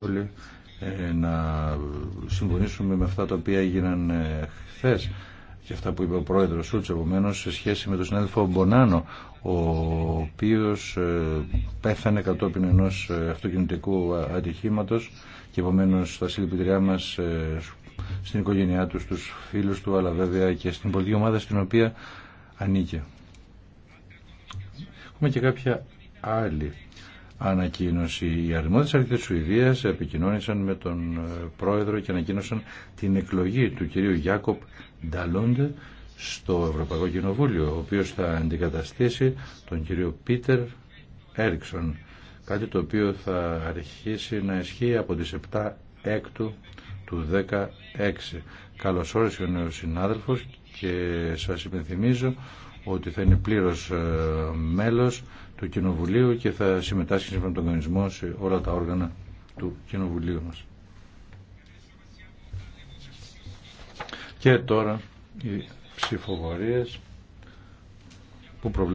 Πολύ ε, να συμφωνήσουμε με αυτά τα οποία έγιναν ε, χθε και αυτά που είπε ο πρόεδρος Σούτς επομένω σε σχέση με τον συνάδελφο Μπονάνο ο οποίος ε, πέθανε κατόπιν ενός αυτοκινητικού ατυχήματος και επομένω στα συλληπιτριά μας στην οικογένειά του, στους φίλους του αλλά βέβαια και στην πολιτική ομάδα στην οποία ανήκε. Έχουμε και κάποια άλλη ανακοίνωση. Οι αρμόδιες αρχές της Σουηδίας επικοινώνησαν με τον ε, πρόεδρο και ανακοίνωσαν την εκλογή του κυρίου Γιάκοπ Νταλόντε στο Ευρωπαϊκό Κοινοβούλιο, ο οποίος θα αντικαταστήσει τον κύριο Πίτερ Έριξον, κάτι το οποίο θα αρχίσει να ισχύει από τις 7 έκτου του 16. Καλώς όρισε ο νέος συνάδελφος και σας υπενθυμίζω ότι θα είναι πλήρως ε, μέλος του Κοινοβουλίου και θα συμμετάσχει σε τον κανονισμό σε όλα τα όργανα του Κοινοβουλίου μας. Και τώρα οι ψηφοφορίες που προβλέπουν